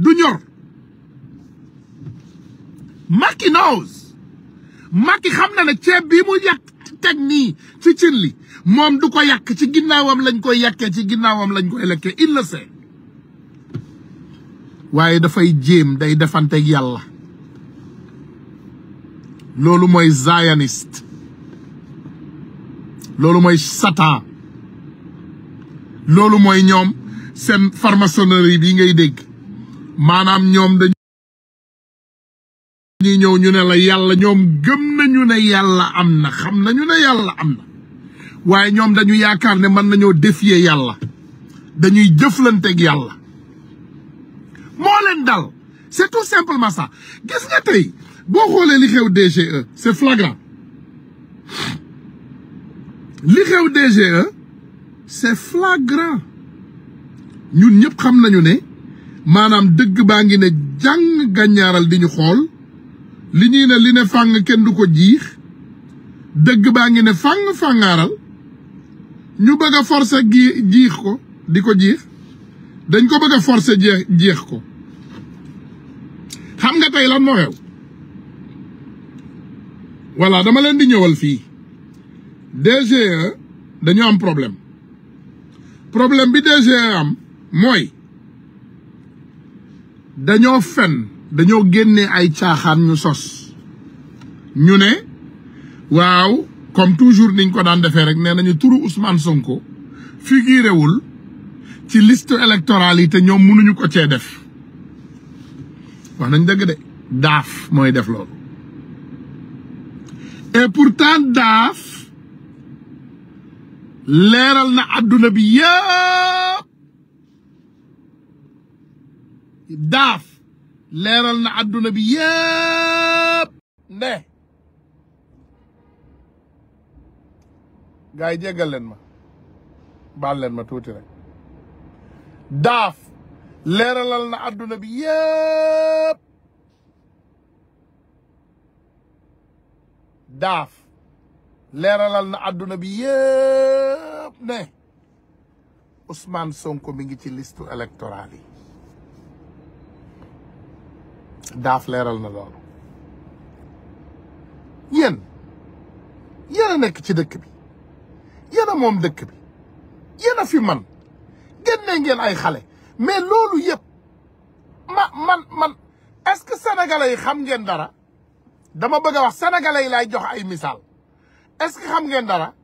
du ñor Macky knows Macky xam na ne ceeb bii mu yàq teg nii ci cin li moom du ko yàq ci ginnaawam lañ koy yàqee ci ginnaawam lañ koy lekkee il le waaye dafay jéem day defanteeg yàlla loolu mooy zioniste loolu mooy satan loolu mooy ñoom seen farmaçonnerie bi ngay dégg maanaam ñoom dañuy ñëw ñu ne la yàlla ñoom gëm nañu ne yàlla am na xam nañu ne yàlla am na waaye ñoom dañu yaakaar ne mën nañoo défier yàlla dañuy jëflanteeg yàlla moo leen dal c'est tout simplement ça gis nga tey boo xoolee li xew DGE c'est flagrant li xew DGE c'est flagrant ñun ñëpp xam nañu ne maanaam dëgg baa ngi ne jàng gàññaaral di ñu xool li ñuy ne li ne fàng kenn du ko jiix dëgg baa ngi ne fàng fàngaaral ñu bëgg a forcer gi jiix ko di ko jiix dañ ko bëgg a forcer jeex jeex ko xam nga tey lan moo xew voilà dama leen di ñëwal fii DGE dañu am problème problème bi DGE am mooy dañoo fen dañoo génnee ay caaxaan ñu sos ñu ne waaw comme toujours niñ ko daan defee rek nee nañu turu Ousmane Sonko figuré wul ci list électorale yi te ñoom mënuñu ko cee def wax nañ dëgg de daaf mooy def loolu et pourtant daaf leeral na àdduna bi yëpp daaf leeral na àdduna bi yëpp ne gars yi jéggal leen ma baal leen ma tuuti rek daaf leeralal na àdduna bi yëpp daaf leeralal na àdduna bi yëpp ne Ousmane Sonko mi ngi ci liste électorale yi daf leral na loolu yéen yéen nek ci dëkk bi yéen mom dëkk bi yéen fi man génne ngeen ay xale mais loolu yëpp ma man man est-ce que sénégalais xam ngeen dara dama bëgg wax sénégalais lay jox ay misal est-ce que xam ngeen dara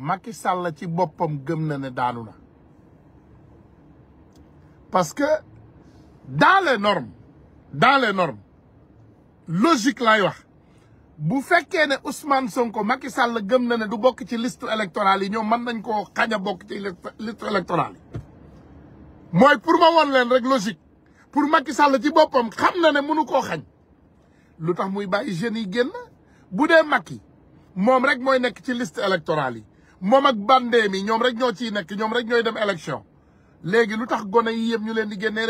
Macky Sall ci bopam gëm na ne daanu na parce que dans les normes dans les normes logique lay wax bu fekkee ne Ousmane Sonko Macky Sall gëm na ne du bokk ci liste électorale yi ñoom mën nañ koo xañ a ci liste électorale yi pour ma woon leen rek logique pour Macky Sall ci boppam xam na ne mënu koo xañ lu tax muy bàyyi jeunes yi nyoidam bu Legi Macky gona rek mooy nekk ci liste électorale yi ak mi rek ñoo rek dem élection yi ñu leen di mi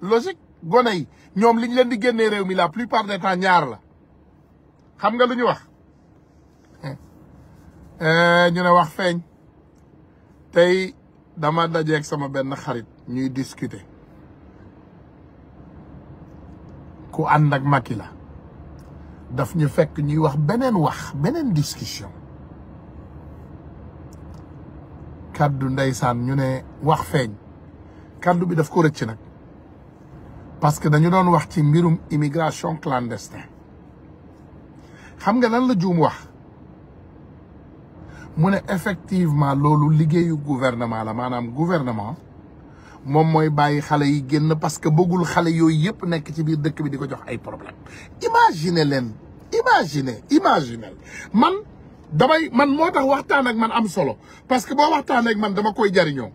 logique gone yi ñom liñ leen di génné réew mi la plupart des temps ñaar la xam nga luñu wax euh ñu né wax feñ tay dama ak sama ben xarit ñuy discuter ku and ak Macky la daf ñu fekk ñuy wax benen wax benen discussion kaddu ndaysan ñu né wax feñ kaddu bi daf ko rëcc nak parce que dañu doon wax ci mbirum immigration clandestine. xam nga lan la juum wax mune effectivement loolu liguey gouvernement la manam gouvernement mom moy baye xale yi génn parce que bëggul xale yoy yëpp nek ci biir dëkk bi diko jox ay problème imaginez len imaginez imaginez man damay man motax tax waxtaan ak man am solo parce que bo waxtaan ak man dama koy jariño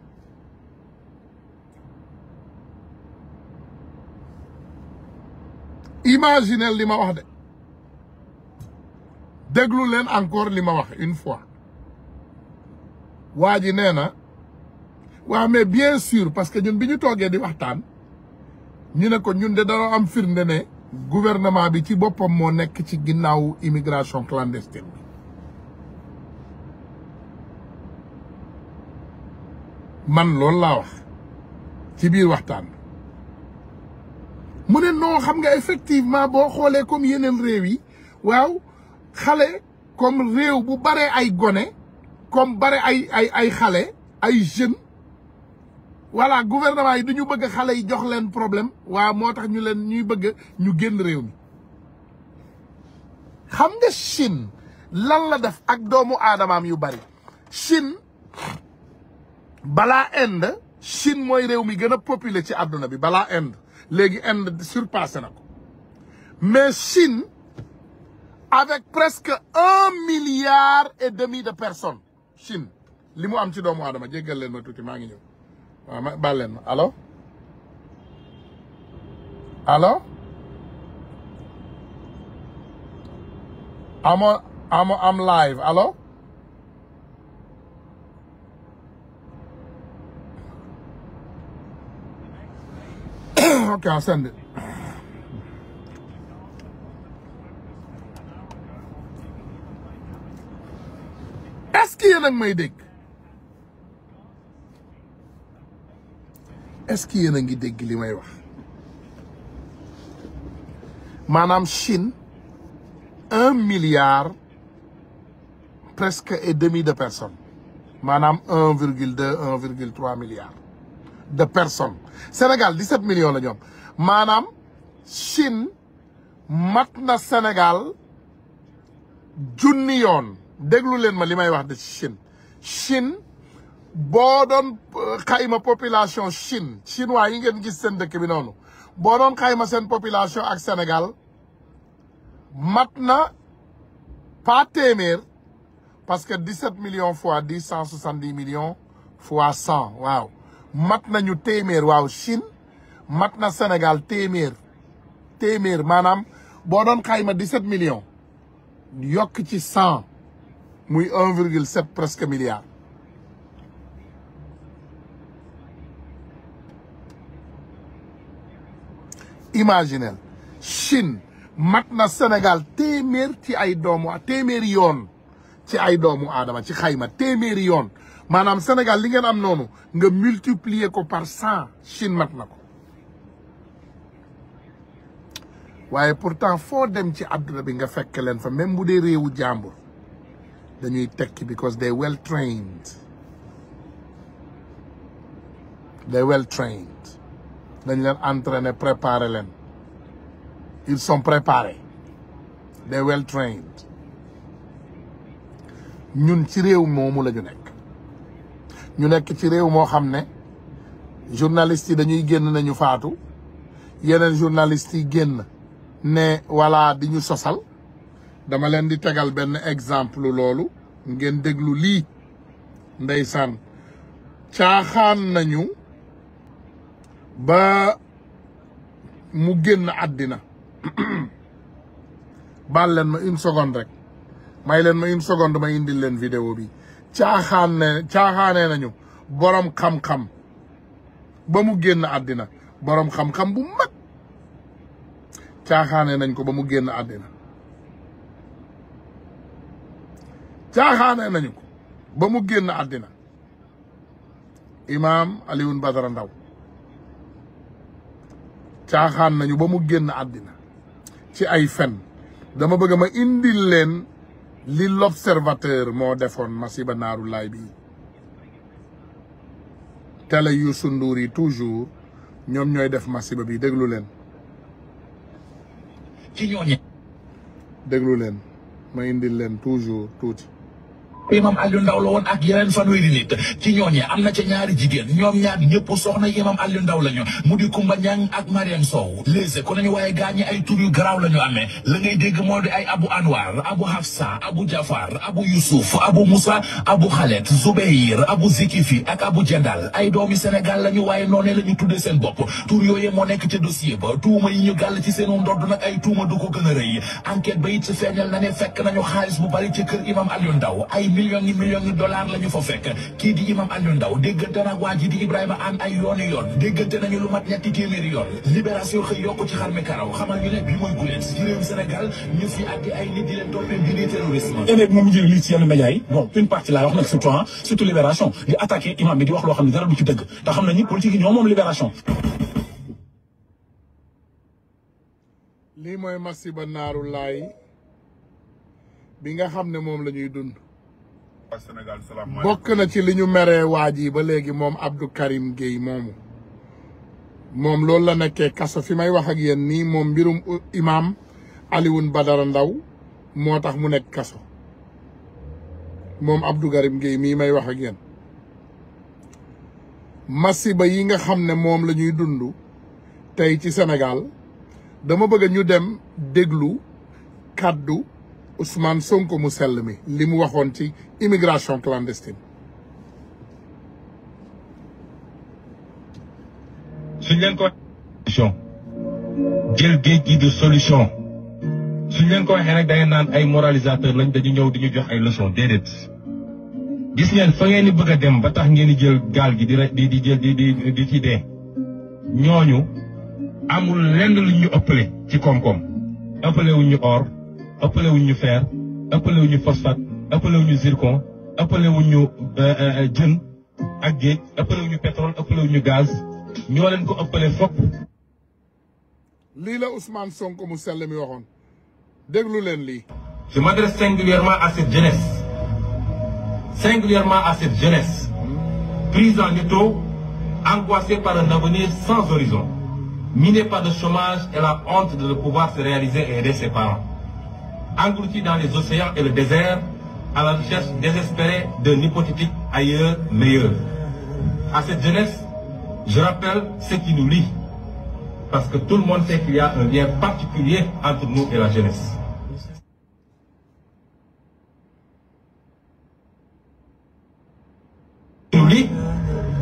imagine li ma wax de encore li ma wax une fois waa ji mais bien sûr parce que ñun bi ñu toogee di waxtaan ñu ne ko ñun de dañoo am firnde ne gouvernement bi ci boppam moo ci immigration clandestine man loolu laa wax ci biir waxtaan mu ne noo xam nga effectivement boo xoolee comme yeneen réew yi waaw xale comme réew bu bare ay gone comme bare ay ay ay xale ay jeunes voilà gouvernement yi du ñu bëgg xale yi jox leen problème waaw moo tax ñu leen ñuy bëgg ñu génn réew mi xam nga Chine lan la def ak doomu aadamaam yu bari Chine balaa Inde Chine mooy réew mi gën a populé ci àdduna bi balaa Inde Les surpasse. mais Chine avec presque un milliard et demi de personnes Chine Je vais am ci doomu allo allo amo amo live allo Okay, I'll que yéen a may dégg est-ce que yéen a ngi dégg li may wax maanaam Chine un milliard presque et demi de personnes maanaam un virgule deux un virgule trois milliard de personnes Sénégal 17 millions Madame, Chine maintenant Sénégal Junion. million. déglu ma li de Chine Chine y a une population Chine chinois yi ngeen gis de dëkk bi quand il xayma population ak Sénégal Maintenant, pas t'aimer, parce que 17 millions fois 10 170 millions fois 100 Waouh. mat nañu téeméer waaw Chine mat na Sénégal téeméer téeméer maanaam boo doon xayma 17 millions yokk ci 100 muy 1 virgule presque milliard imaginel Chine mat na Sénégal téeméer ci ay doomu téeméeri yoon ci ay doomu aadama ci xayma téeméeri yoon maanaam Sénégal li ngeen am noonu nga multiplier ko par cent Chine mat na ko waaye pourtant foo dem ci àdduna bi nga fekk leen fa même bu dee réewu jàmbur dañuy tekki because they well trained they well trained dañ leen entraîner préparer leen ils sont préparés they well trained ñun ci réew moomu la ñu nekk ñu nekk ci réew moo xam ne journalistes yi dañuy génn nañu faatu yeneen journalistes yi génn ne wala di ñu sosal dama leen di tegal benn exemple loolu ngeen déglu lii ndeysaan caaxaan nañu ba mu génn àddina baal leen ma une seconde rek may leen ma une seconde ma indil leen vidéo bi caaxaan ne caaxaanee nañu borom xam-xam ba mu génn àddina borom xam-xam bu mag caaxaanee nañ ko ba mu génn àddina caaxaanee nañu ko ba mu génn àddina imaam Alioune Badara Ndaw caaxaan nañu ba mu génn àddina ci ay fen dama bëgg ma indil leen li l'observateur moo defoon masiba naaru laay bi télé yu Ndour yi toujours ñoom ñooy def masiba bi déglu leen ci ñooñu déglu leen ma indil leen toujours tuuti imam Aliou Ndao la woon ak yeneen fanweeri nit ci ñooñe am na ca ñaari jigéen ñoom ñaar ñëpp soxna imam Aliou Ndao lañu mu di Kumba Ñang ak Mariam Sow léegi ko nañu waaye gaañi ay tur yu garaaw la ñu amee la ngay dégg moo di ay Abu Anwar Abu Hafsa Abu Jafar Abu Yusuf Abu Musa Abu Khaled Zubayr Abu Zikifi ak Abu Jandal ay doom doomi Sénégal lañu waaye noonee la ñu tuddee seen bopp tur yooyee moo nekk ca dossier ba tuuma yi ñu gàll ci seenu ndodd nag ay tuuma du ko gën a rëy enquête ba it feeñal na ne fekk nañu xaalis bu bari ci kër imam Aliou Ndao ay millions yi millions yi dollars la ñu fa fekk kii di imam Aliou Ndao déggante nag waa ji di Ibrahima Anne ay yooni yoon déggante nañu lu mat ñetti téeméeri yoon libération xëy yokk ci xarmi karaw xamal ñu ne bi mooy guleet ci réew Sénégal ñu fi àtte ay nit di leen toppee bi di terrorisme éneg moom jël lii ci yenn médias bon une partie laa wax nag surtout ah surtout libération di attaqué imam bi di wax loo xam ne dara du ci dëgg te xam nañu politique yi ñoo moom libération lii mooy masiba naaru laay nga xam ne moom la ñuy dund bokk na ci li ñu meree waa ji ba léegi moom Abdou Karim Gueye moomu moom loolu la nekkee kaso fi may wax ak yéen nii moom mbirum imaam aliwun Badara Ndaw moo tax mu nekk kaso moom abdu Karim géey mii may wax ak yéen masiba yi nga xam ne moom la ñuy dund tey ci Sénégal dama bëgg ñu dem déglu kàddu Ousmane Sonko mu sell mi li mu waxoon ci immigration clandestine. suñ leen ko solution jël géej gi solution suñ leen ko waxee nag da ngeen naan ay moralisateur lañ dañu ñëw di ñu jox ay leçon déedéet. gis ngeen fa ngeen di bëgg a dem ba tax ngeen di jël gaal gi di di jël di di di ci dee ñooñu amul lenn lu ëppale ci koom-koom ëppale wuñ ñu or. ëppale wuñu fer ëppale wuñu phosphate ëppale wuñ zircon ëppale wuñu ñu euh, euh, euh, jën ak géej ëppale pétrole ëppale wuñu gaz ñoo leen ko ëppale fop lii la Ousmane Sonko mu sell mi waxoon leen je m'adresse singulièrement à cette jeunesse singulièrement à cette jeunesse prise en étau angoissée par un avenir sans horizon minée par le chômage et la honte de ne pouvoir se réaliser et aider ses parents engloutis dans les océans et le désert, à la recherche désespérée d'un hypothétique ailleurs meilleur. À cette jeunesse, je rappelle ce qui nous lie, parce que tout le monde sait qu'il y a un lien particulier entre nous et la jeunesse. Nous lie,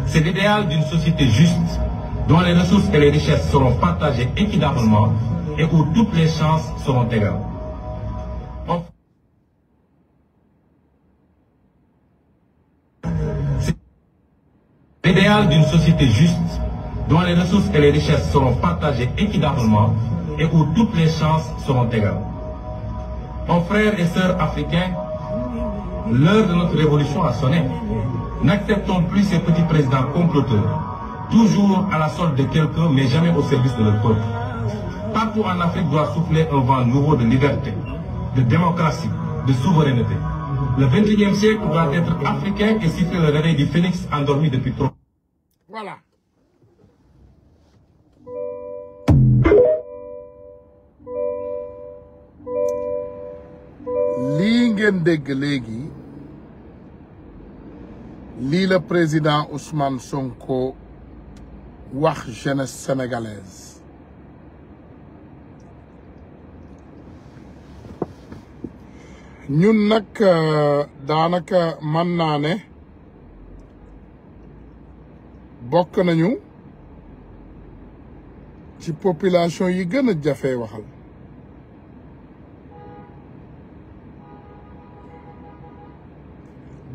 c'est l'idéal d'une société juste, dont les ressources et les richesses seront partagées équitablement et où toutes les chances seront égales. L'idéal d'une société juste, dont les ressources et les richesses seront partagées équitablement et où toutes les chances seront égales. Mon frères et sœurs africains, l'heure de notre révolution a sonné. N'acceptons plus ces petits présidents comploteurs, toujours à la solde de quelqu'un, mais jamais au service de leur peuple. Partout en Afrique doit souffler un vent nouveau de liberté, de démocratie, de souveraineté. Le 21e siècle doit être africain et citer le réveil du phénix endormi depuis trop voilà. lii ngeen dégg léegi lii la président Ousmane Sonko wax jeunesse sénégalaise ñun nag euh, daanaka mën naa ne bokk nañu ci population yi gën a jafee waxal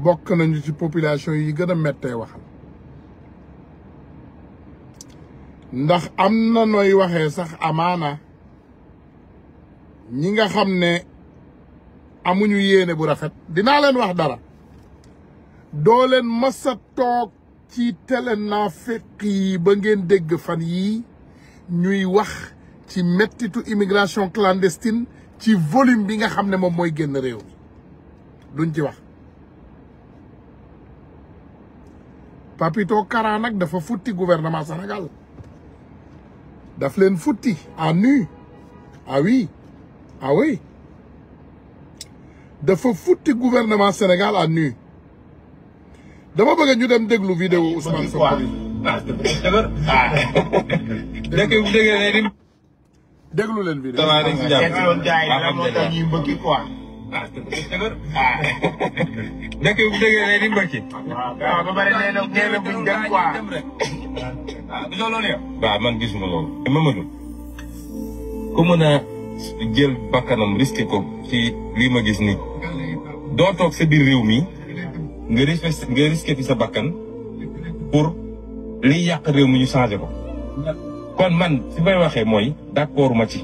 bokk nañu ci population yi gën a mettee waxal ndax am na nooy waxee sax amaana ñi nga xam ne amuñu yéene bu rafet dinaa leen wax dara doo leen mës toog ci tele naa fait ba ngeen fan ñuy immigration clandestine ci volume bi nga mom moy génn duñ ci wax Papito Kara nak dafa futti gouvernement Sénégal daf leen futti nu ah oui ah oui dafa futti gouvernement Sénégal à nu dama bëgg ñu dem déglu vidéo Ousmane Sonko bi déglu leen vidéo dëkk bu déggee ah, eh, ko ci lii ma gis nii. doo toog sa biir réew nga respecté nga risqué fi sa bakkan pour li yàq réew mi ñu changé ko. kon man fi may waxee mooy d'accord ma ci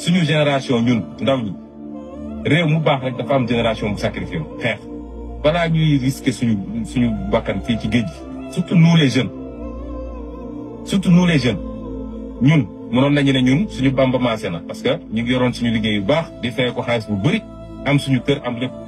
suñu génération ñun ndaw ñi réew mu baax rek dafa am génération bu sacrifié xeex balaa ñuy risqué suñu suñu bakkan fii ci géej gi. surtout nous les jeunes surtout nous les jeunes ñun mënoon nañu ne ñun suñu bamba maase na parce que ñu ngi yoroon suñu liggéey yu baax di fay ko xaalis bu bëri am suñu kër am lépp.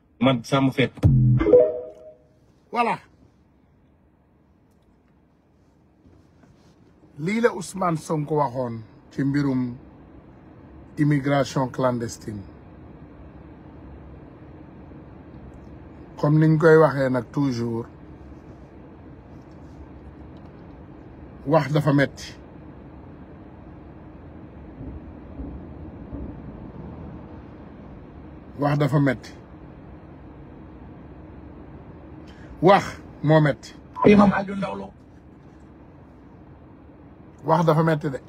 man sàmm fépp. voilà lii la Sonko waxoon ci mbirum immigration clandestine comme niñ koy waxee nag toujours wax dafa metti wax dafa metti wax moo metti imam wax dafa metti de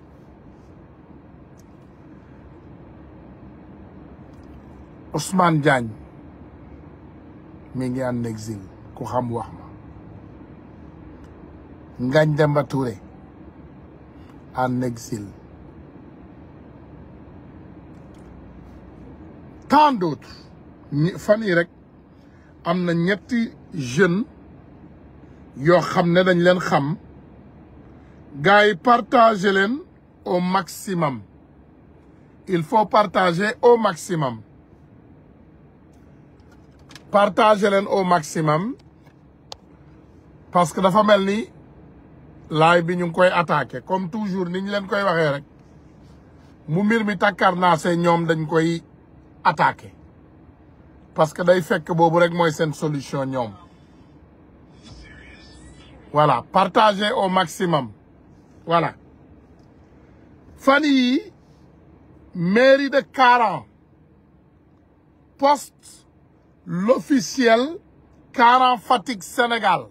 Ousmane Diagne mi ngi en exil ku xam wax ma Ngagne Demba Touré en exil tant d'autres fan yi rek am ñetti jeunes yo dañ leen xam partager au maximum il faut partager au maximum partagez leen au maximum parce que dafa melni bi comme toujours nous leen koy rek parce que fait que une rek est une solution voilà partagez au maximum voilà Fanny, mairie de 40. poste l'officiel Caran Fatigue Sénégal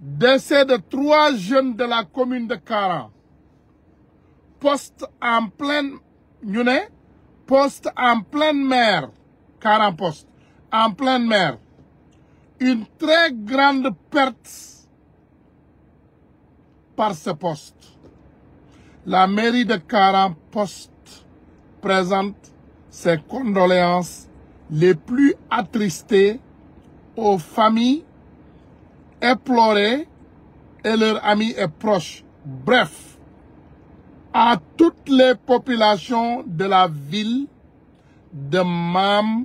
décès de trois jeunes de la commune de Caran. poste en pleine poste en pleine mer 40 en pleine mer. Une très grande perte par ce poste. La mairie de 40 postes présente ses condoléances les plus attristées aux familles éplorées et leurs amis et proches. Bref, à toutes les populations de la ville de Mam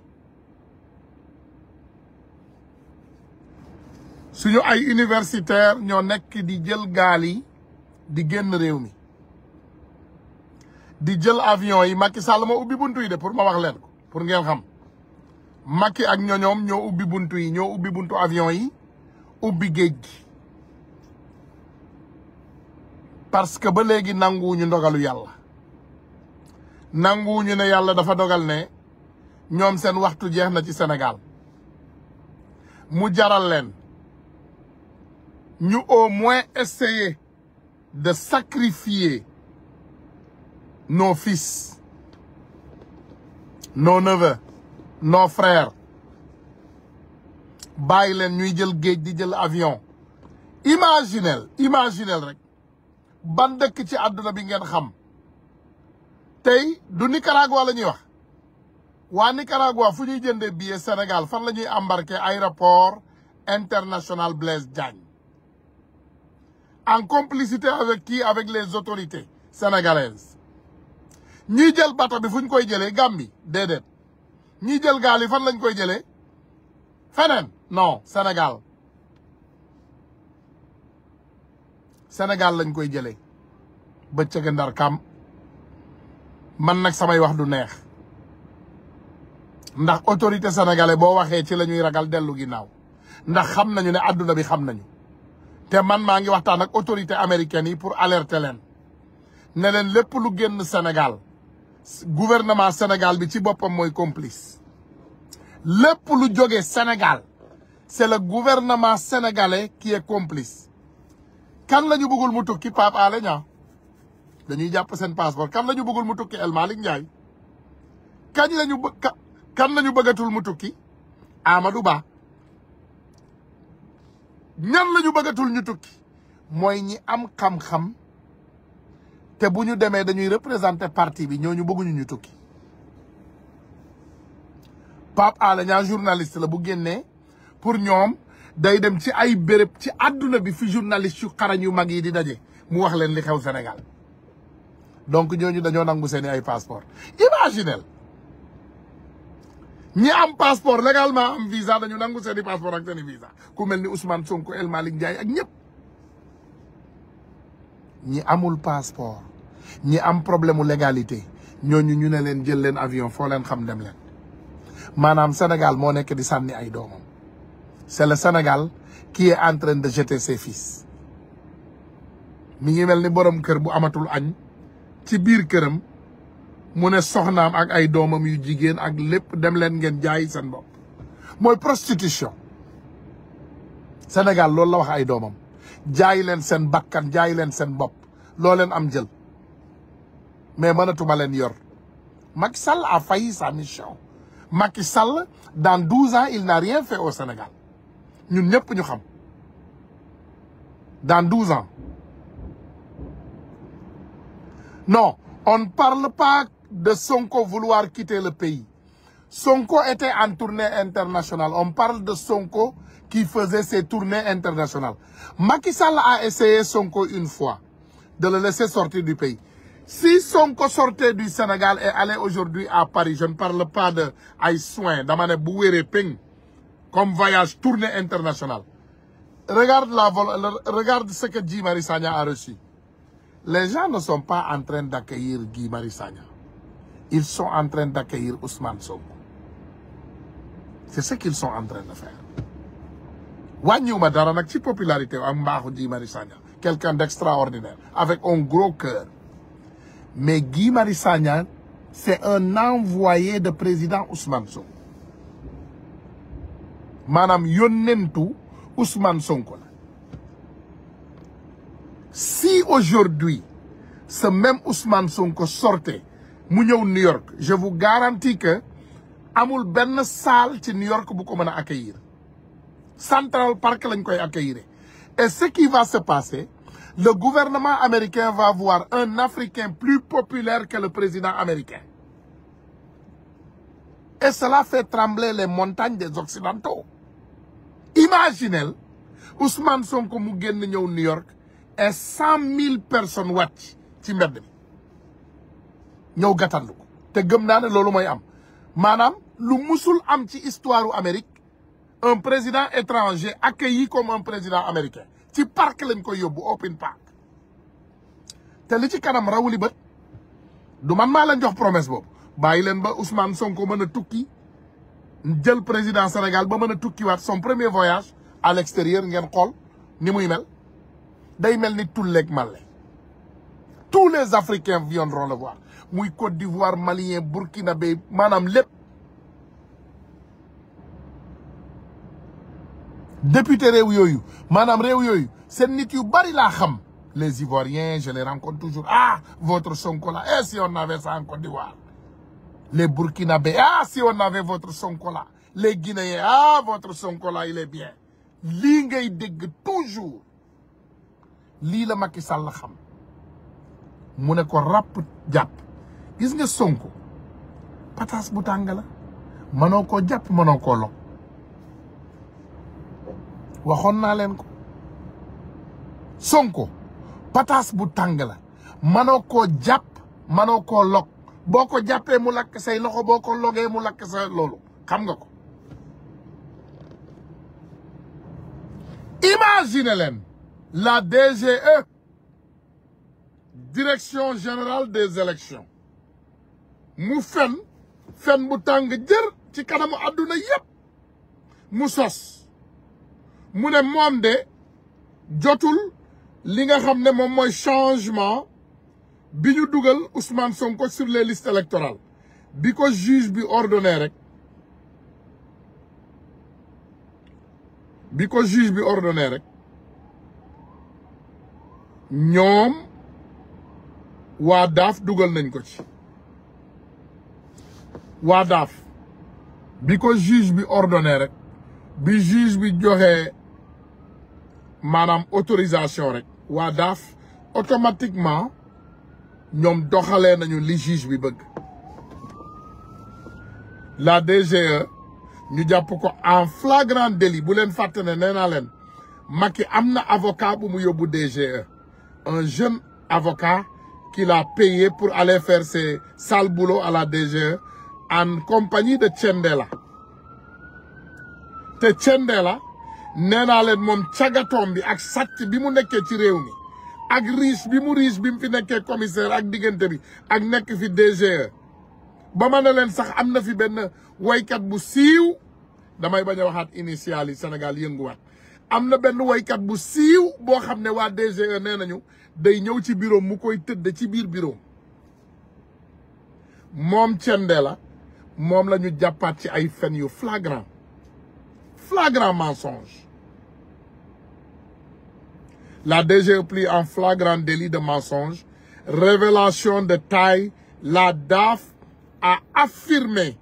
suñu ay universitaire ño nek di jël gaal yi di génn réew mi di jël avion yi Macky Sall mo ubbi buntu yi de pour ma wax leen ko pour ngeen xam Macky ak ño ubbi buntu yi ño ubbi buntu avion yi ubbi géej gi parce que ba nangu ñu ndogalu nangu ñu ne yalla dafa dogal ne ñom sen waxtu jeex na ci Sénégal mu jaral Nous, au moins essayer de sacrifier nos fils nos neveux nos frères bàyyi leen ñuy jël l'avion. di jël imaginez Bande imaginel rek ban dëkk ci àdduna bi ngeen xam du Nicaragua le ñuy wax waa Nicaragua fu ñuy billets billet Sénégal fan la ñuy à l'aéroport international Blaise Diagne en complicité avec qui avec les autorités sénégalaises Ni jël bato bi fuñ koy jëlee Gambie dedet. Ni jël gaal lañ koy non Sénégal Sénégal lañ koy jëlee Beccé ndar kam man nak samay wax du neex ndax autorité sénégalais bo waxé ci lañuy ragal dellu ginnaw. ndax xam nañu ne bi xam nañu té man ma ngi waxtan ak autorité américaine yi pour alerter len né len lepp lu génn Sénégal gouvernement Sénégal bi ci bopam moy complice lepp lu joggé Sénégal c'est le gouvernement sénégalais qui est complice kan lañu bëggul mu tukki pap Alé dañuy japp sen passeport kan lañu bëggul mu tukki El maling ndjay kan lañu kan lañu bëggatul mu tukki Amadou Ba ñan la ñu bëggatul ñu tukki mooy ñi am xam-xam te bu ñu demee dañuy représenter partie bi ñoo ñu bëgguñu ñu tukki Pape Alé Niang journaliste la bu génnee pour ñoom day dem ci ay béréb ci adduna bi fi journaliste yu xarañ yu mag yi di daje mu wax leen li xew Sénégal donc ñooñu dañoo nangu seeni ay passeport imaginel ñi am passeport légalement am visa dañu nangu seeni passeport ak seeni visa ku mel ni Ousmane Sonko El Malick Ndiaye ak ñëpp ñi amul passeport ñi am problème mu légalité ñooñu ñu ne leen jël leen avion foo leen xam dem leen maanaam Sénégal moo nekk di sànni ay doomam c'est le Sénégal qui est en de jeter ses fils mi ngi mel ni borom kër bu amatul añ ci biir këram. mu ne soxnaam ak ay doomam yu jigéen ak lépp dem leen ngeen jaayi seen bopp mooy prostitution Sénégal loolu la wax ay doomam jaayi leen seen bakkan jaayi leen seen bopp loo leen am jël mais mënatuma leen yor Macky Sall a failli sa mission Macky Sall dans douze ans il n'a rien fait au Sénégal ñun ñëpp ñu xam dans douze ans non on parle pas de Sonko vouloir quitter le pays. Sonko était en tournée internationale. On parle de Sonko qui faisait ses tournées internationales. Macky Sall a essayé Sonko une fois, de le laisser sortir du pays. Si Sonko sortait du Sénégal et allait aujourd'hui à Paris, je ne parle pas de soin d'Amane Bouéré Ping, comme voyage tournée internationale. Regarde, la, regarde ce que Guy Marissagna a reçu. Les gens ne sont pas en train d'accueillir Guy Marissagna ils sont en train d'accueillir Ousmane Sonko c'est ce qu'ils sont en train de faire Madara dara une ci popularité Guy quelqu'un d'extraordinaire avec un gros cœur mais Guy Marissanya, c'est un envoyé de président Ousmane Sonko Madame Yonnentou, Ousmane Sonko si aujourd'hui ce même Ousmane Sonko sortait mu New York je vous garantis que amul ben salle ci New York bu ko accueillir Central Park lañ koy accueillir et ce qui va se passer le gouvernement américain va voir un Africain plus populaire que le président américain et cela fait trembler les montagnes des Occidentaux imaginez Ousmane Sonko mu New York et 100 000 personnes watch. ci mbedd ñëw gàttandu té te gëm am manam lu histoire un président étranger accueilli comme un président américain ci parc lañ open park te li ci kanam rawuli du man jox promesse bob. ba Ousmane Sonko tukki président Sénégal ba a son premier voyage à l'extérieur ngeen xol ni muy day ni lek malé tous les Africains viendront le voir oui Côte d'Ivoire Malien Burkinabé madame Lep. député rew Madame manam c'est yooyu sen les Ivoiriens je les rencontre toujours ah votre son cola... eh si on avait ça en Côte d'Ivoire les Burkinabés ah si on avait votre son cola les Guinéens ah votre son cola, il est bien lingue ngay dégue toujours L'île la Macky Sall xam mu gis nga Sonko patas bu tàng la mënoo koo lok ko Sonko patas bu manoko la manoko lo. manoko diap et lok say loxo sa nga ko imaginez len la DGE direction générale des élections mu fen fen bu tàng jër ci kanamu àdduna yépp mu sos mu ne moom de jotul li nga xam ne moom mooy changement bi ñu dugal Ousmane Sonko sur les listes électorales bi ko juge bi ordonné rek bi ko juge bi ordonné rek ñoom waa daaf dugal nañ ko ci Wadaf, daaf bi ko juge bi ordonné rek bi juge bi joxé wadaf, autorisation rek waa daaf automatiquement ñom doxalee nañu li juge bi bëgg la DGE ñu japp ko en flagrant délit bu len fàtte ne nee naa amna, avocat bu mu yobbu DGE un jeune avocat qu'il a payé pour aller faire ses sales boulots à la DGE en compagnie de Thiendella te Thiendella nee naa leen moom cagatoom bi ak sàcc bi mu nekkee ci réew mi ak riche bi mu riis bi mu fi nekkee commissaire ak diggante bi ak nekk fi DGE ba ma leen sax am na fi benn woykat bu siiw damay bañ a waxaat initial yi Sénégal yënguwaat am na benn woykat bu siiw boo xam ne waa DGE nee nañu day ñëw ci bureau mu koy tëdd ci biir bureau moom Thiendella mom la ñu ci flagrant flagrant mensonge la DGE plie en flagrant délit de mensonge révélation de taille la DAF a affirmé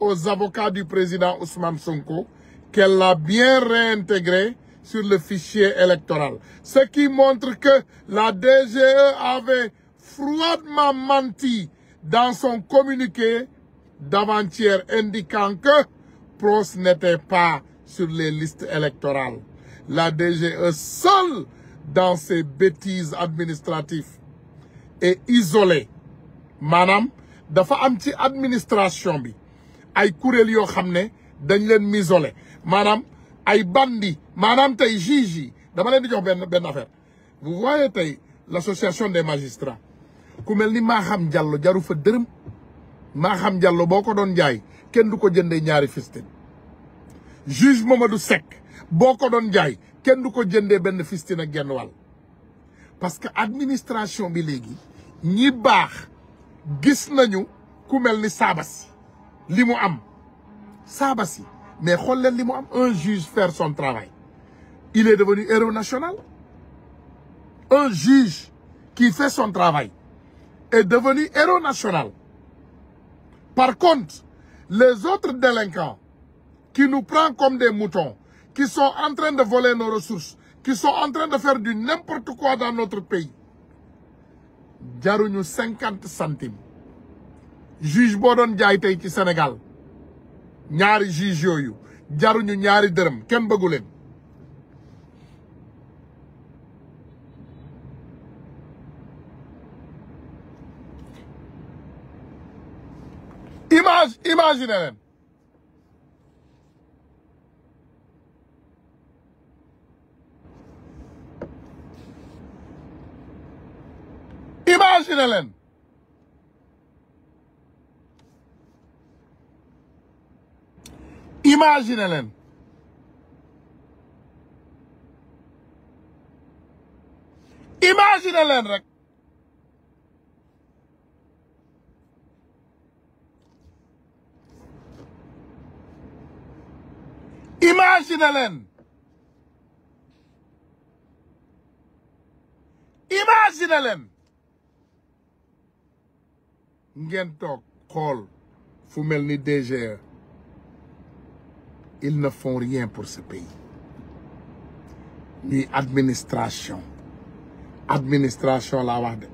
aux avocats du président Ousmane Sonko qu'elle l'a bien réintégré sur le fichier électoral. Ce qui montre que la DGE avait froidement menti dans son communiqué d'avant-hier indiquant que PROS n'était pas sur les listes électorales. La DGE seule dans ses bêtises administratives est isolée Madame, dafa am ci administration bi ay été isolée. madame ne dañ a isolé maanaam ay bandi y a juge dama affaire vous voyez l'association des magistrats ku ni maa xam Diallo boko don doon jaay kenn du ko ñaari fistine juge Mamadou Sek, boko don doon jaay kenn du ko ben benn fistine genn parce que administration bi léegi ñi bax gis nañu ku melni Sabassi limu am Sabassi mais xol leen limu am un juge faire son travail il est devenu héros national un juge qui fait son travail est devenu héros national par contre, les autres délinquants qui nous prennent comme des moutons, qui sont en train de voler nos ressources, qui sont en train de faire du n'importe quoi dans notre pays, jaruñu 50 centimes juge Bodon doon qui Sénégal nyari juge yooyu nyari derm dërëm imaj, imaj inelim. İmaj inelim. İmaj inelim. İmaj inelim. Imaginez-le Imaginez-le tok, kol, ni ils ne font rien pour ce pays Ni administration administration la wax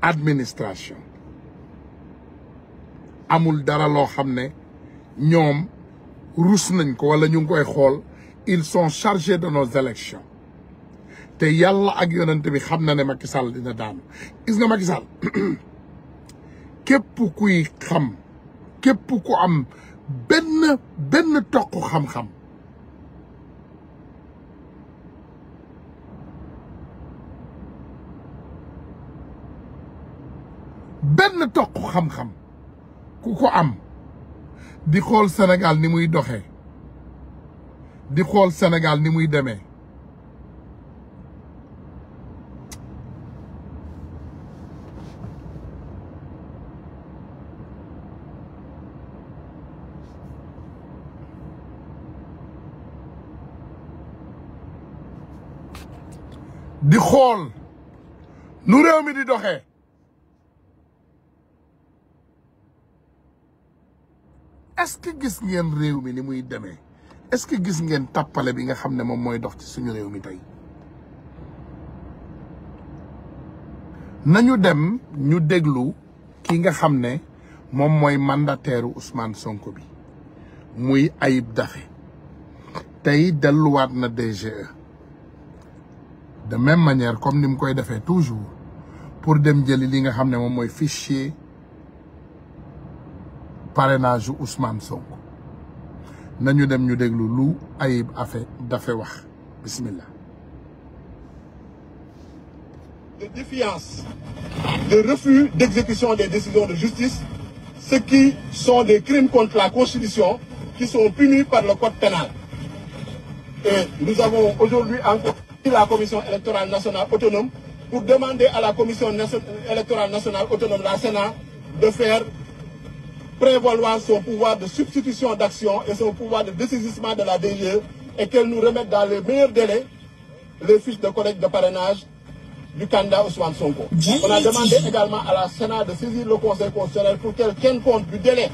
administration amul dara Lo Hamne, ils sont chargés de nos élections te yalla ak yonent bi ne dina daan. gis nga Macky Sall xam képp ku am benn benn tokku xam-xam benn tokku xam am di xool Sénégal ni muy doxe di xool Sénégal ni muy demee di xool nu réew mi di doxee est-ce que gis ngeen réew mi ni muy demee est-ce que gis ngeen tappale bi nga xam ne moom mooy dox ci suñu réew mi tey nañu dem ñu déglu ki nga xam ne moom mooy mandateeru Ousmane Sonko bi muy Ayib Daffé tey delluwaat na DGE de même manière comme ni mu koy defee toujours pour dem jëli li nga xam ne moom mooy fichier parrainage Ousmane Sonko Nous de défiance de refus d'exécution des décisions de justice ce qui sont des crimes contre la Constitution qui sont punis par le code pénal et nous avons aujourd'hui encore la Commission électorale nationale autonome pour demander à la Commission électorale nationale autonome, la Sénat, de faire prévaloir son pouvoir de substitution d'action et son pouvoir de décisissement de la DGE et qu'elle nous remette dans les meilleurs délais les fiches de collecte de parrainage du candidat Ousmane Sonko. On a demandé également à la Sénat de saisir le Conseil constitutionnel pour qu'elle tienne compte du délai.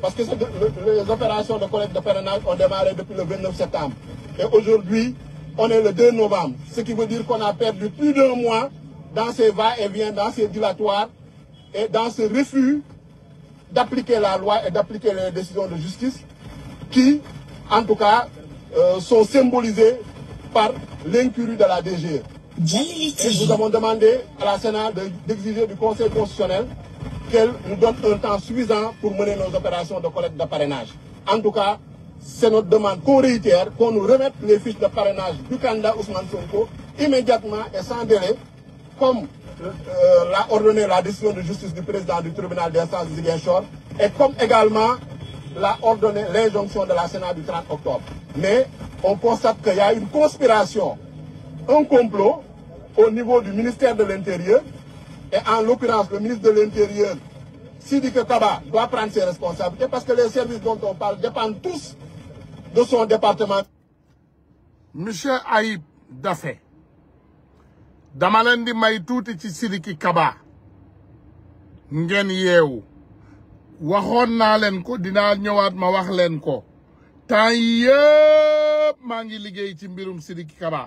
Parce que les opérations de collecte de parrainage ont démarré depuis le 29 septembre. Et aujourd'hui, on est le 2 novembre. Ce qui veut dire qu'on a perdu plus d'un mois dans ces va-et-vient, dans ces dilatoires et dans ce refus d'appliquer la loi et d'appliquer les décisions de justice qui, en tout cas, euh, sont symbolisées par l'incurie de la DGE. Et nous avons demandé à la Sénat d'exiger du Conseil constitutionnel qu'elle nous donne un temps suffisant pour mener nos opérations de collecte de parrainage. En tout cas, c'est notre demande qu'on réitère, qu'on nous remette les fiches de parrainage du candidat Ousmane Sonko immédiatement et sans délai, comme euh, l'a ordonné la décision de justice du président du tribunal d'instance Ziguinchor et comme également l'a ordonné l'injonction de la Sénat du 30 octobre. Mais on constate qu'il y a une conspiration, un complot au niveau du ministère de l'Intérieur et en l'occurrence le ministre de l'Intérieur, Sidi Kaba, doit prendre ses responsabilités parce que les services dont on parle dépendent tous de son département. Monsieur Aïb Dafé, dama leen di may tuuti ci Sidiki Kaba ngeen yeewu waxoon naa leen ko dinaa ñëwaat ma wax leen ko temps yëpp maa ngi liggéey ci mbirum Sidiki Kaba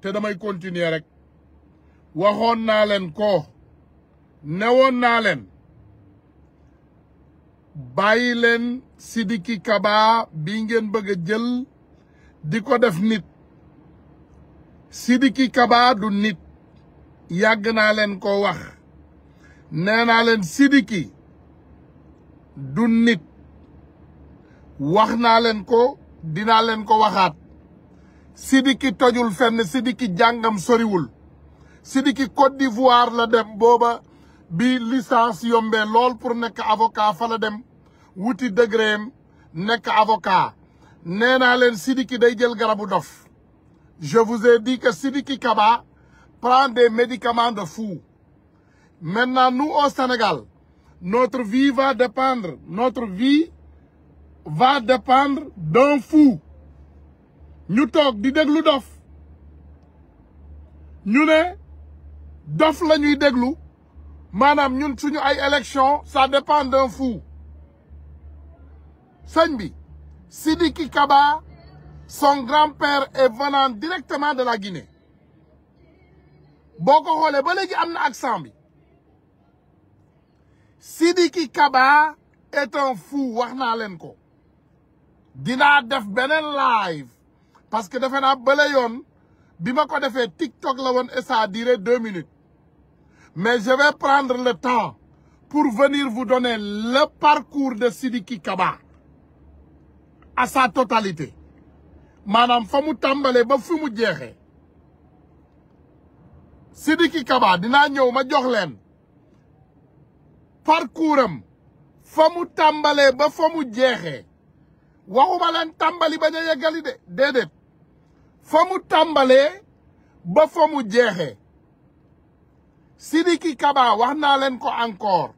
te damay continuer rek waxoon naa leen ko newoon naa leen bàyyi leen Sidiki Kaba bi ngeen bëgg a jël di ko def nit Sidiki Kaba du nit yàgg naa leen ko wax nee naa leen Sidiki du nit wax naa leen ko dinaa leen ko waxaat Sidiki tojul fenn Sidiki jàngam soriwul Sidiki Côte d'Ivoire la dem booba bi licence yombee lool pour nekk avocat fa la dem wuti degré nekk avocat nee naa leen Sidiki day jël garabu dof je vous Sidiki Kaba prend des médicaments de fou. Maintenant, nous au Sénégal, notre vie va dépendre, notre vie va dépendre d'un fou. Nous sommes di déglu dof Nous ne dof la nuit déglu Manam, ñun suñu élection ça dépend d'un fou Sengbi, Sidiki Kaba son grand-père est venant directement de la Guinée Boko xolé ba léegi accent bi Sidiki Kaba est un fou waxna len ko dina def benen live parce que defena naa bële bima ko defé TikTok la won et ça a duré deux minutes mais je vais prendre le temps pour venir vous donner le parcours de Sidiki Kaba à sa totalité Madame, Je tambalé ba fi mu Sidiki Kaba dina ñew ma jox len parcouram famu tambalé ba famu jéxé waxuma len tambali ba a yeggali de déedéet fa ba famu jéxé Sidiki Kaba waxna len ko encore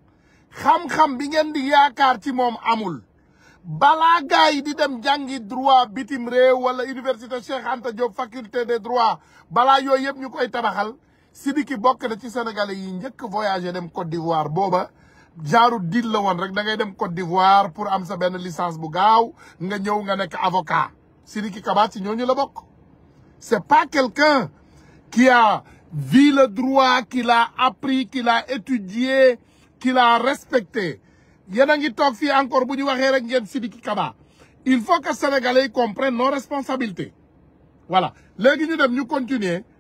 xam-xam bi ngeen di yaakar ci mom amul bala gaay di dem jangi droit bitim réew wala université Cheikh Anta Diop faculté de droit bala yoy yeb ñukoy tabaxal Sidiki bokk na ci sénégalais yi ñëk voyager dem Côte d'Ivoire boba jaaru dil la won rek da ngay dem Côte d'Ivoire pour am sa ben licence bu gaaw nga ñëw nga nek avocat Sidiki Kaba ci ñooñu la bokk c'est pas quelqu'un qui a vu le droit qu'il a appris qu'il a étudié qu'il a respecté yena ngi tok fi encore bu ñu waxee rek ngeen Sidiki Kaba il faut que sénégalais comprennent nos responsabilités voilà légui ñu dem ñu continuer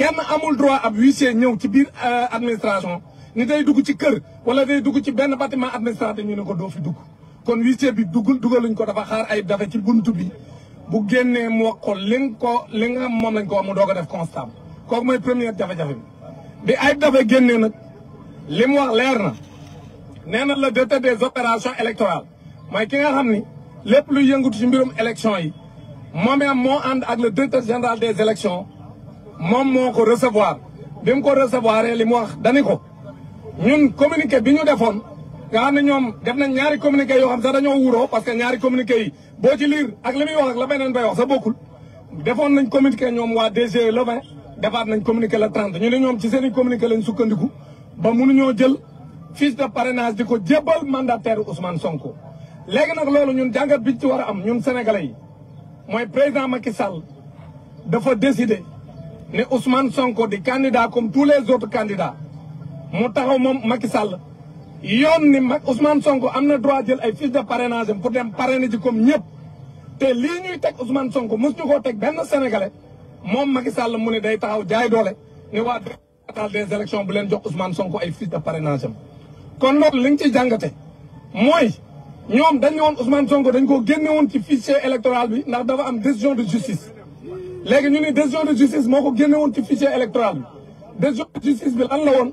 kenn amul droit ab huissier ñëw ci biir euh, administration ni day dugg ci kër wala day dugg ci benn bâtiment administratif ñu ne ko doo fi dugg kon huissier bi duggul duggaluñ ko dafa xaar ay dafe ci buntu bi bu génnee mu wax ko li ko li nga moom ko mu doog a def constat kooku mooy première jafe-jafe bi bi ay dafa génnee nag li mu wax leer na nee na le directeur des opérations électorales mooy ki nga xam ni lépp luy yëngatu ci mbirum élection yi moom moo ànd ak le directeur général des élections moom moo ko recevoir bi mu ko recevoir li mu wax dani ko ñun communiqué bi ñu defoon nga xam ne ñoom def nañ ñaari communiqué yoo xam sax dañoo wuuroo parce que ñaari communiqué yi boo ci liir ak li muy wax ak la beneen bay wax sa bokkul defoon nañ communiqué ñoom waa DG le 20 defaat nañ communiqué le 30 ñu ne ñoom ci seen i communiqué lañ sukkandiku ba mënuñoo jël fiche de parrainage di ko jébbal mandataire Ousmane Sonko. léegi nag loolu ñun jàngat bi ci war a am ñun sénégalais mooy président Macky Sall dafa décidé ne Ousmane Sonko di candidat comme tous les autres candidats mu taxaw moom Macky Sall yoon ni mag Ousmane Sonko am na droit jël ay fiche de parrainage pour dem parrainer ji comme ñëpp te lii ñuy teg Ousmane Sonko mosuñu koo teg benn sénégalais moom Macky Sall mu ne day taxaw jaay doole ni waa départemental des élections bu leen jox Ousmane Sonko ay fiche de parrainage am. kon loolu li nga ciy jàngate mooy ñoom dañu woon Ousmane Sonko dañ ko génne woon ci fichier électoral bi ndax dafa am décision de justice. Lèkè, nyouni dezyon de jysis mò kò genè ou ti fichè elektral bi. Dezyon de jysis bi lan lòn,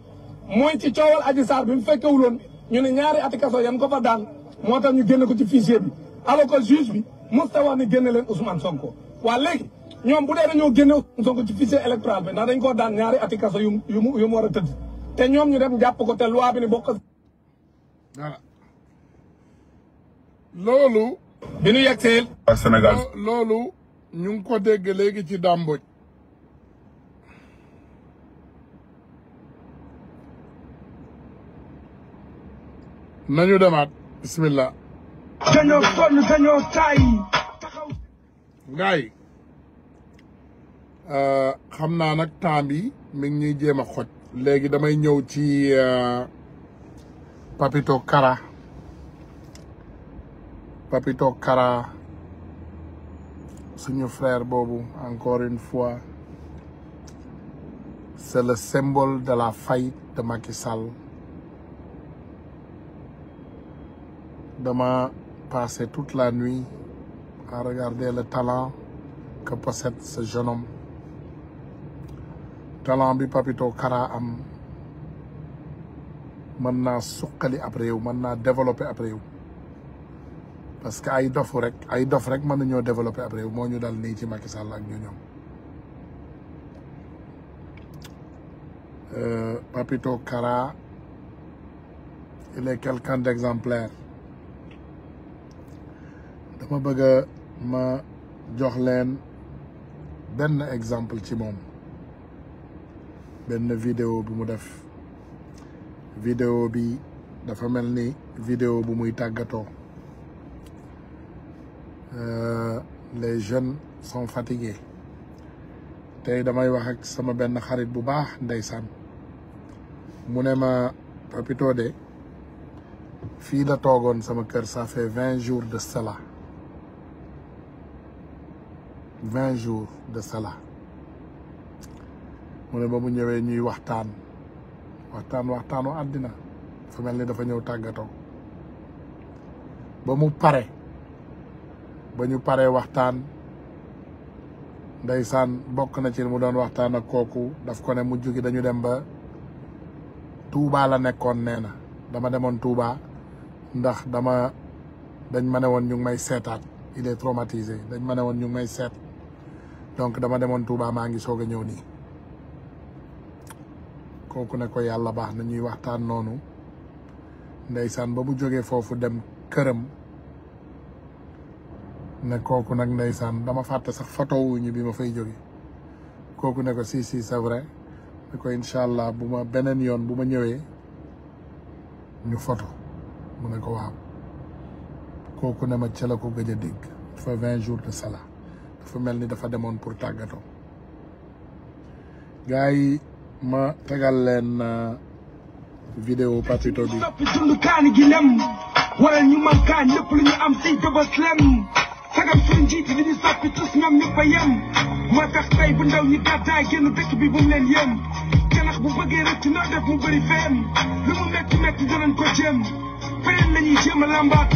mwen ti tèwèl a di sarbi mwen fèkè ou lòn. Nyouni nyare atikaso yankò pa dan, mwen tan yon genè kò ti fichè bi. Alò kò jys bi, mwen stèwa ni genè lèn ousman sòn kò. Wè lèkè, nyouni mwen genè ousman sòn kò ti fichè elektral bi. Nan den kò dan, nyare atikaso yon mwen rote di. Ten nyouni mwen dèm dèm dèm dèm dèm dèm dèm dèm dèm dèm dèm ñu ngi ko dégg léegi ci dàmboj nañu demaat bismillah dañoo sonn dañoo taay ngaay euh, xam naa nag temps bi mi ngi ñuy jéem a xoj léegi damay ñëw ci euh, papito kara papito kara suñu frère Bobo, encore une fois c'est le symbole de la faillite de Macky Sall Demain, passer toute la nuit à regarder le talent que possède ce jeune homme talent bi Papito Kara am mën soukali après développer après parce que ay dofu rek ay dof rek mën nañoo développer après moo ñu dal nii ci Macky Sall ak ñu ñoom euh, Papito Kara il est quelqu'un d'exemplaire dama bëgg a ma jox leen benn exemple ci moom benn vidéo bu mu def vidéo bi dafa mel ni vidéo bu muy tàggatoo euh, les jeunes sont fatigués Té damay wax ak sama benn xarit bu baax ndeysaan mu ne ma Papito de fii la toogoon sama kër ça fait vingt jours de cela vingt jours de cela mu ne ba mu ñëwee ñuy waxtaan waxtaan waxtaanu àddina fu mel dafa ñëw tàggatoo ba mu pare ba ñu paree waxtaan ndeysaan bokk na ci mu doon waxtaan ak kooku daf ko ne mujj gi dañu dem ba Touba la nekkoon nee na dama demoon Touba ndax dama dañ ma woon ñu may seetaat i est traumatisé dañ ma ne woon ñu may seet donc dama demoon Touba maa ngi soog a ñëw nii kooku ne ko yàlla baax na ñuy waxtaan noonu ndeysaan ba mu jógee foofu dem këram ne kooku nag ndeysaan dama fàtte sax photo wuñu bi ma fay jóge kooku ne ko si si c'est vrai ko incha allah bu ma beneen yoon bu ma ñëwee ñu photo mu ne ko waaw kooku ne ma ca ko gëj a dégg dafa vingt de sala dafa mel ni dafa demoon pour tàggatoo gars yi ma tegal leen euh, vidéo patito bi sopp sunu kaani gi lem wala ñu man kaan lépp lu ñu am si jobas lem sagal suñ njiit li ñu tus ñoom ñëpp a yem moo tax tey bu ndaw ñi gàddaay génn dëkk bi bu mu leen yem janax bu bëggee rëcc noo def mu bëri feem lu mu metti metti danañ ko jéem feneen la ñuy jéem a làmbaat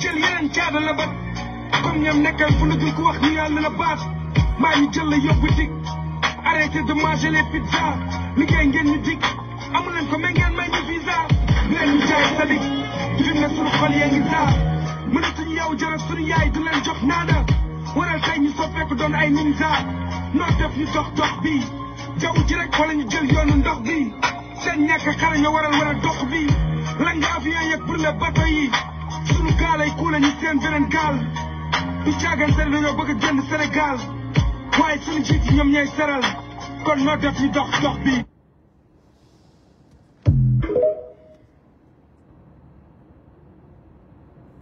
jël yeneen caada la bat comme ñoom nekkal fu lu dul ku wax ñu yàlla la baat ko mais sadik di fi ne suñu xol yaa ngi taa mënatuñu yow jërëf suñu yaay du leen jox naana waral tey ñu soppeeku doon ay ninja noo def ñu dox dox bi jaww ji rek wala ñu jël yoonu ndox bi seen ñàkk xara ñu waral waral dox bi lan nga avion la pour le bateau yi suñu gaal ay kuule ñu seen beneen gaal du caagan seen dañoo bëgg a génn Sénégal waaye suñu jiit yi ñoom ñooy seral kon noo def dox dox bi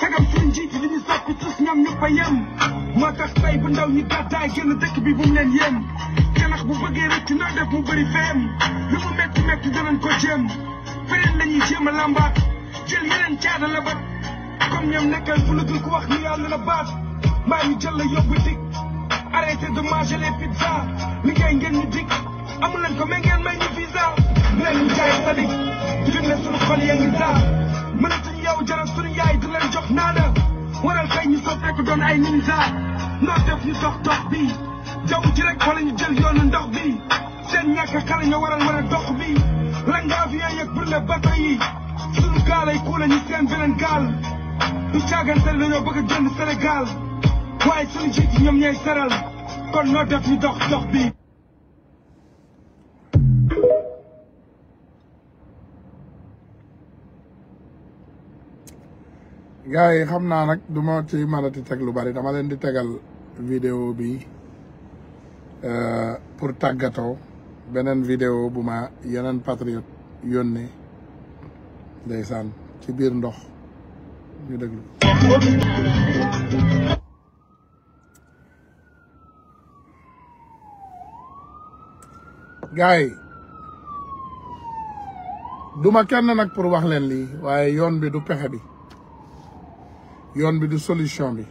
sagam suñ jiit li ñu sàkku tus ñoom ñëpp a yem moo tax tay bu ndaw ñi gàddaay génn dëkk bi bu mu leen yem janax bu bëggee rëcc nooy def mu bëri feem lu mu metti metti danañ ko jéem feneen la ñuy jéem a làmbaat jël yeneen caada la bat comme ñoom nekkal fu lu ku wax ñu yàlla la baat maa ñu jël la yóbbu dik arrêté de manger les pizzas ngeen ñu dik amul leen ko mais ngeen may ñu visa leen ñu sadik fi ne suñu xol yaa ngi daa mënatuñ yow jarab suñu yaay di leen jox naana waral xëy ñu soppeeku doon ay ninja noo def ñu dox dox bi jaww ji rek wala ñu jël yoonu ndox bi seen ñàkk xale ñoo waral mën a dox bi langaaf yee yëg pour le bato yi suñu gaal ay kuule ñu seen beneen gaal du caagante dañoo bëgg a jënd Sénégal waaye suñu jiit yi ñoom ñooy seral kon noo def ñu dox dox bi gaay xamna nak duma ci manati tek lu bari dama len di tegal video bi euh, pour tagato benen video buma yenen patriot yonne desan ci bir ndox ñu déglu gars yi duma kenn nak pour wax len li waye bi du pexe bi yoon bi du solution bi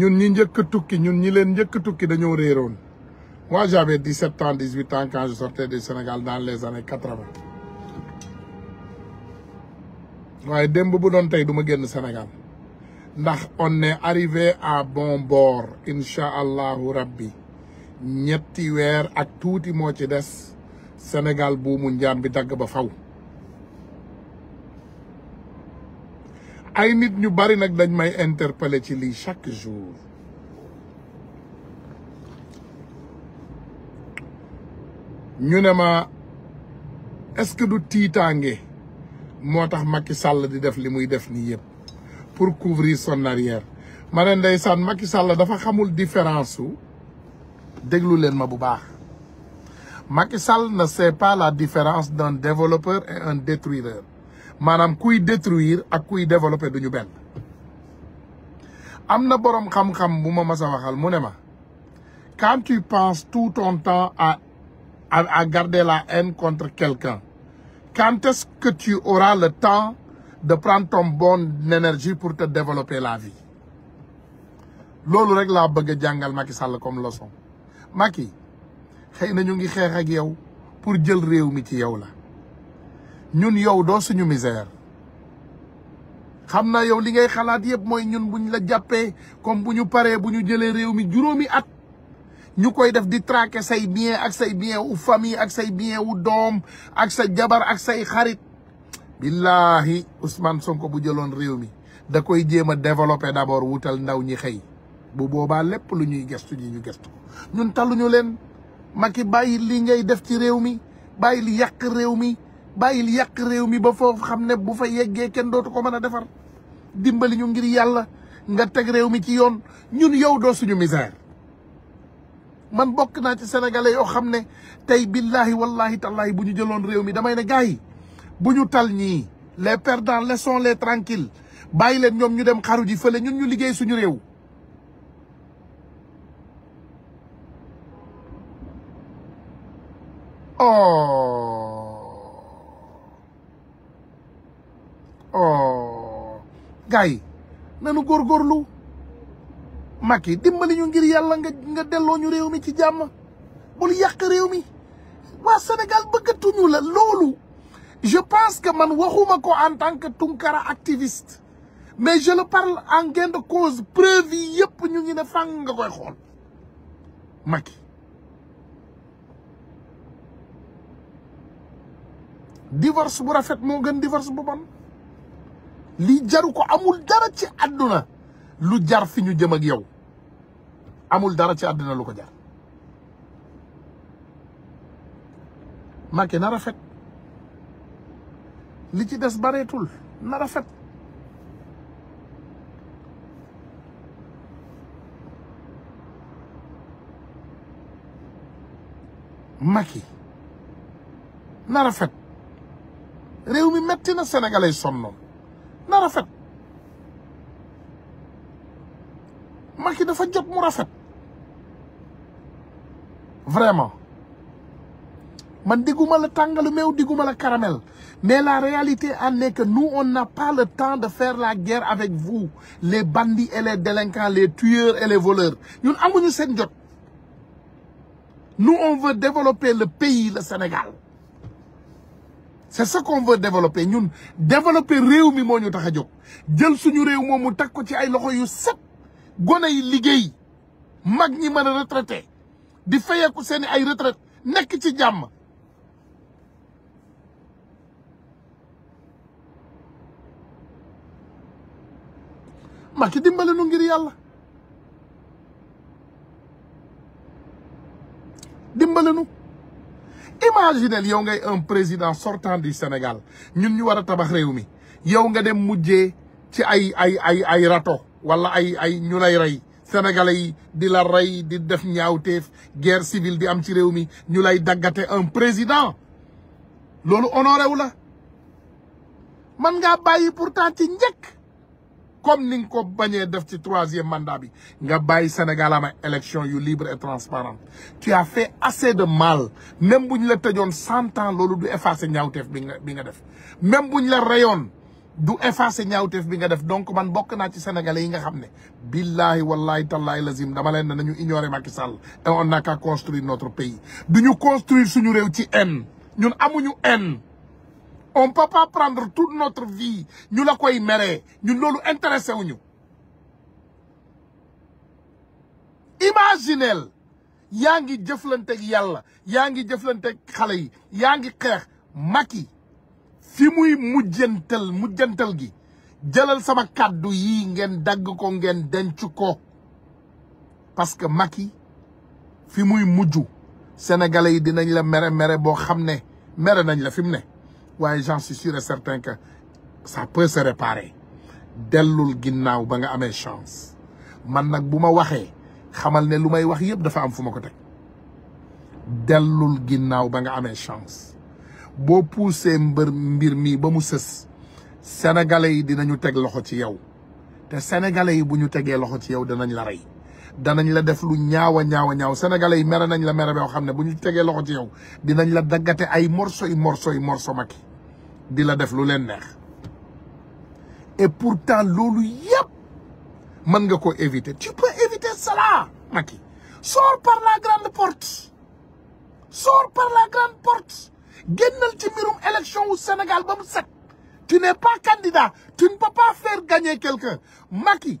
ñun ñi njëkk tukki ñun ñi leen njëkk tukki dañoo réeroon moi j'avais dix-sept ans dix-huit ans quand je les années quatre-vingt waaye démb bu doon tey duma génn senegal ndax on est arrivé à bon bord incha allahu rabbi ñetti weer ak tuuti moo ci des Sénégal buumu njaan bi dagg ba faw ay nit ñu bari nak dañ may interpeller ci li chaque jour ñu ne ma est-ce que du titangé motax tax Macky Sall di def li muy def ni pour couvrir son arrière mané ne Macky Sall dafa xamul différence déglu ma bu baax Macky ne sait pas la différence d'un développeur et un détruiteur manam kuy détruire ak kuy développer duñu ben amna borom xam-xam buma ma sa waxal mu quand tu penses tout ton temps à à garder la haine contre quelqu'un quand est-ce que tu auras le temps de prendre ton bonne énergie pour te développer la vie C'est rek que bëgg a jàngal Macky Sall comme leçon Macky xeyna ñu ngi xeex ak yow pour jël réew mi ci yow la ñun yow do suñu misère xamna yow li ngay xalaat yeb moy ñun buñ la jappé comme buñu paré buñu jëlé réew mi juroomi at ñukoy def di traquer say bien ak say bien ou famille ak say bien ou dom ak sa jabar ak say xarit billahi Ousmane Sonko bu jëlon réew mi da koy jema a développer d'abord woutal ndaw ñi xey bu boba lepp lu ñuy gestu ji ñu gestu ñun talu ñu len maki bayyi li ngay def ci réew mi bayyi li yak réew mi bàyyil yàq réew mi ba foofu xam ne bu fa yeggee kenn dootu ko mën a defar dimbali ñu ngir yàlla nga teg réew mi ci yoon ñun yow doo suñu misère man bokk naa ci sénégalais yoo xam ne tey billahi wallahi tallahi bu ñu jëloon réew mi damay ne gars yi bu ñu tal ñii les perdants laissons les tranquilles bàyyi leen ñoom ñu dem xaru ji fële ñun ñu liggéey suñu réew oh. oh gars góor nanu góorgóorlu Macky dimbali ñu ngir yàlla nga nga delloo ñu réew mi ci jàmm bul yàq réew mi waa Sénégal bëggatuñu la loolu je pense que man waxuma ko en tant que Tounkara activiste mais je le parle en gain de cause preuve yi yëpp ñu ngi ne fàng nga koy xool Macky divorce bu rafet moo gën divorce bu bon lii jaru ko amul dara ci àdduna lu jar fi ñu jëm ak yow amul dara ci àdduna lu ko jar Macky na rafet li ci des bareetul na rafet Macky na rafet réew mi metti na sénégalais sonnoon na rafet dafa jot mu rafet vraiment man la tangalu la caramel mais la réalité en est que nous on n'a pas le temps de faire la guerre avec vous les bandits et les délinquants les tueurs et les voleurs nous on veut développer le pays le Sénégal c'est ce qu'on veut développer ñun développer réew mi moo ñu tax a jël suñu réew momu tak ko ci ay loxo yu set gone yi liggéey mag ñi mëna retraité di fayeeku seen ay retraite nek ci ma ki dimbalé nu ngir yalla dimbalé nu imaginel yow ngay un président sortant du senegal ñun ñu war a tabax réew mi yow nga dem mujje ci ay ay ay ay rato walla ay ay ñu ay rey sénégalais yi di la rey di def ñaawteef guerre civile di am ci réew mi ñu lay daggate un président loolu honoré wu la man ngaa bàyyi pourtant ci njëkk comme nous nga ko bañee def ci troisième mandat bi nga bàyyi Sénégal à élection yu libre et transparente tu as fait assez de mal même bu ñu la tëjoon 100 ans loolu du effacer ñaawteef bi nga bi nga def même bu la reyoon du effacé ñaawteef bi nga def donc man bokk naa ci sénégalais yi nga xam billahi wallahi tallahi lazim dama leen ne nañu ignorer Macky Sall et on n'a qu'à construire notre pays du ñu construire suñu réew ci haine ñun amuñu haine on peut pas prendre toute notre vie ñu la koy il ñun loolu intéressé wuñu imaginel yaa ngi jëflanteeg yàlla yaa ngi jëflanteeg xale yi yaa ngi xeex fi muy mujjantal mujjantal gi jëlal sama kàddu yi ngeen dagg ko ngeen denc ko parce que maki fi muy mujj sénégalais yi dinañ la mere mere bo xam mere nañ la fi ne waaye j'en suis sûr et certain que ça peut se réparer dellul ginnaaw ba nga amee chance man nag bu ma waxee xamal ne lu may wax yëpp dafa am fu ma ko teg dellul ginnaaw ba nga amee chance boo poussé mbër mbir mii ba mu sës sénégalais yi dinañu teg loxo ci yow te sénégalais yi bu ñu tegee loxo ci yow danañ la ray danañ la def lu ñaawa ñaawa ñaaw sénégalais yi mere nañ la mère boo xamné buñu tégué loxo ci yow dinañ la dagaté ay morceau yi morceau yi morceau Macky di la def lu len neex et pourtant lolu yépp man nga ko éviter tu peux éviter cela Macky sors par la grande porte sors par la grande porte génnal ci mbirum élection wu Sénégal ba mu set tu n'es pas candidat tu ne peux pas faire gagner quelqu'un Macky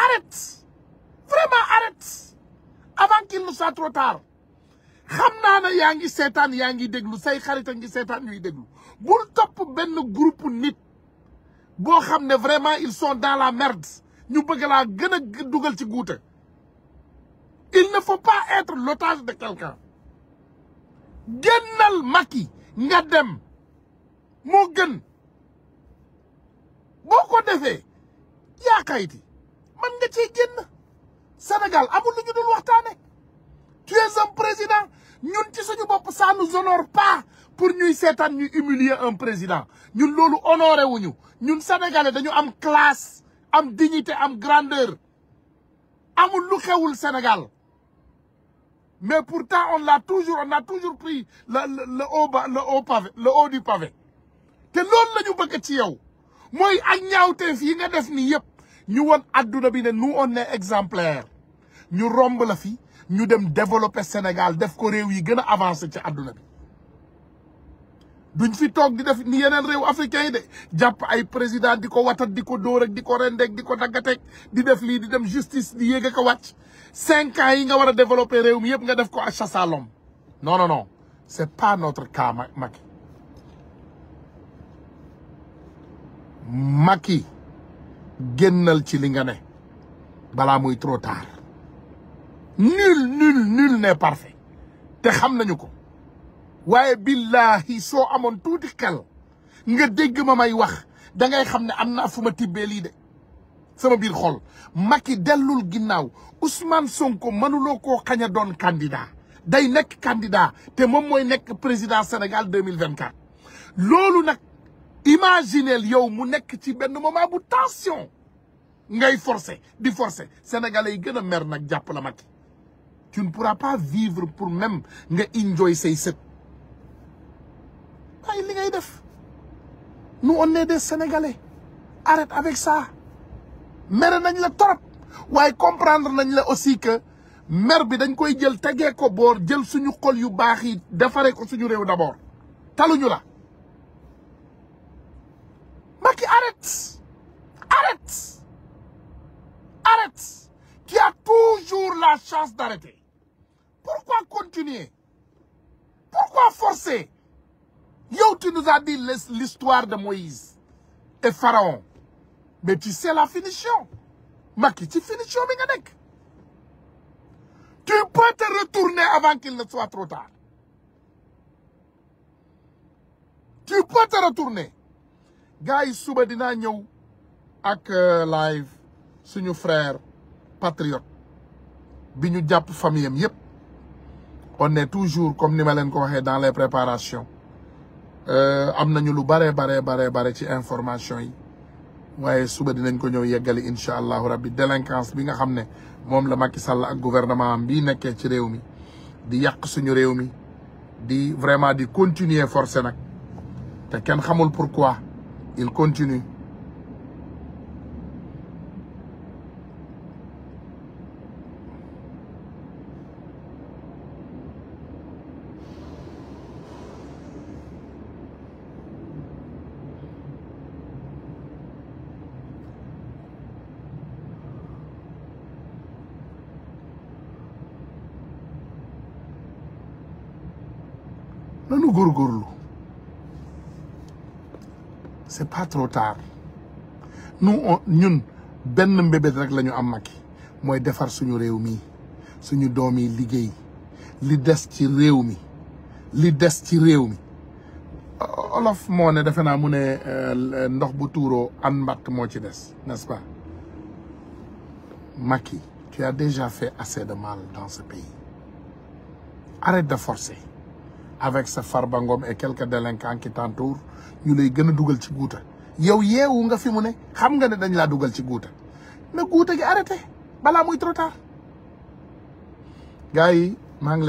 arrête vraiment arrête avant qu'il ne soit trop tard xamna na yaangi setan yaangi deglu say xarita ngi setan ñuy deglu bul top ben groupe nit bo xam vraiment ils sont dans la merde ñu bëgg la gëna duggal ci goute il ne faut pas être l'otage de quelqu'un gennal maki nga dem mo gën boko ko ya kayti man nga cee génn Sénégal amul ñu dul waxtaane tu es un président ñun ci suñu bop ça nous honore pas pour ñuy sétane ñuy humilier un président ñun loolu honoré wuñu ñun sénégalais dañu am classe am dignité am grandeur amul lu xewul Sénégal mais pourtant on l'a toujours on a toujours pris le le haut le haut pavé le haut du pavé té loolu la bëgg ci yow moy ak ñaawteef fi nga def ni yépp ñu won adduna bi ne nous on est exemplaire ñu romb la fi ñu dem développer Sénégal def ko réew yi gën a avancé ci adduna bi duñ fi toog di def ni yeneen réew africain yi de jàpp ay président di ko watat di ko dóor ak di ko rendeeg di ko daggateeg di def lii di dem justice di yéeg ak a wàcc cinq ans yi nga war a développer réew mi yëpp nga def ko à chasse à l'homme non non non c'est pas notre cas Macky génnal ci li nga ne balaa muy trop tard nul nul nul n'est te xam nañu ko waaye billahi soo amoon tuuti xel nga dégg ma may wax dangay xam ne am naa fu ma tibbee lii de sama biir xol Macky dellul ginnaaw Ousmane Sonko mënuloo ko xañ doon candidat day nekk candidat te moom mooy nekk président Sénégal 2024 loolu nag imaginez yow mu nekk ci benn moment bu tension ngay forcer di forcer sénégalais yi gën mer nag jàpp la Macky tu ne pourras pas vivre pour même nga enjoy say sët waaye li ngay def nous on est des sénégalais arrête avec ça mer nañ la trop waaye comprendre nañ la aussi que mère bi dañ koy jël tegee ko boor jël suñu xol yu baax yi defaree ko suñu réew d'abord taluñu la Maki, arrête Arrête Arrête Tu as toujours la chance d'arrêter. Pourquoi continuer Pourquoi forcer Yo, tu nous as dit l'histoire de Moïse et Pharaon. Mais tu sais la finition. Maki, tu finition, Tu peux te retourner avant qu'il ne soit trop tard. Tu peux te retourner. gars yi suba dinaa ñëw ak euh, live suñu frère patriote bi ñu jàpp famille am yëpp on est toujours comme ni ma leen ko waxee dans les préparations euh, am nañu lu baree baree baree bare ci information yi waaye suba dinañ ko ñëw yeggali incha allahu rabbi délinquance bi nga xam ne moom la Macky Sall ak gouvernement am bii nekkee ci réew mi di yàq suñu réew mi di vraiment di continuer forcé nag te kenn xamul quoi Il continue. Nous nous c'est pas trop tard nous on ñun ben mbébét rek nous am maki defar suñu réew mi suñu doom yi li des ci réew mi li euh, bu n'est-ce pas Maki, tu as déjà fait assez de mal dans ce pays arrête de forcer avec ce farbangom et quelques délinquants qui t'entourent ñu lay gën a dugal ci guuta yow yeewu nga fi mu ne xam nga ne dañ laa dugal ci guuta na guuta gi arrêté balaa muy trop tard gars yi maa ngi leen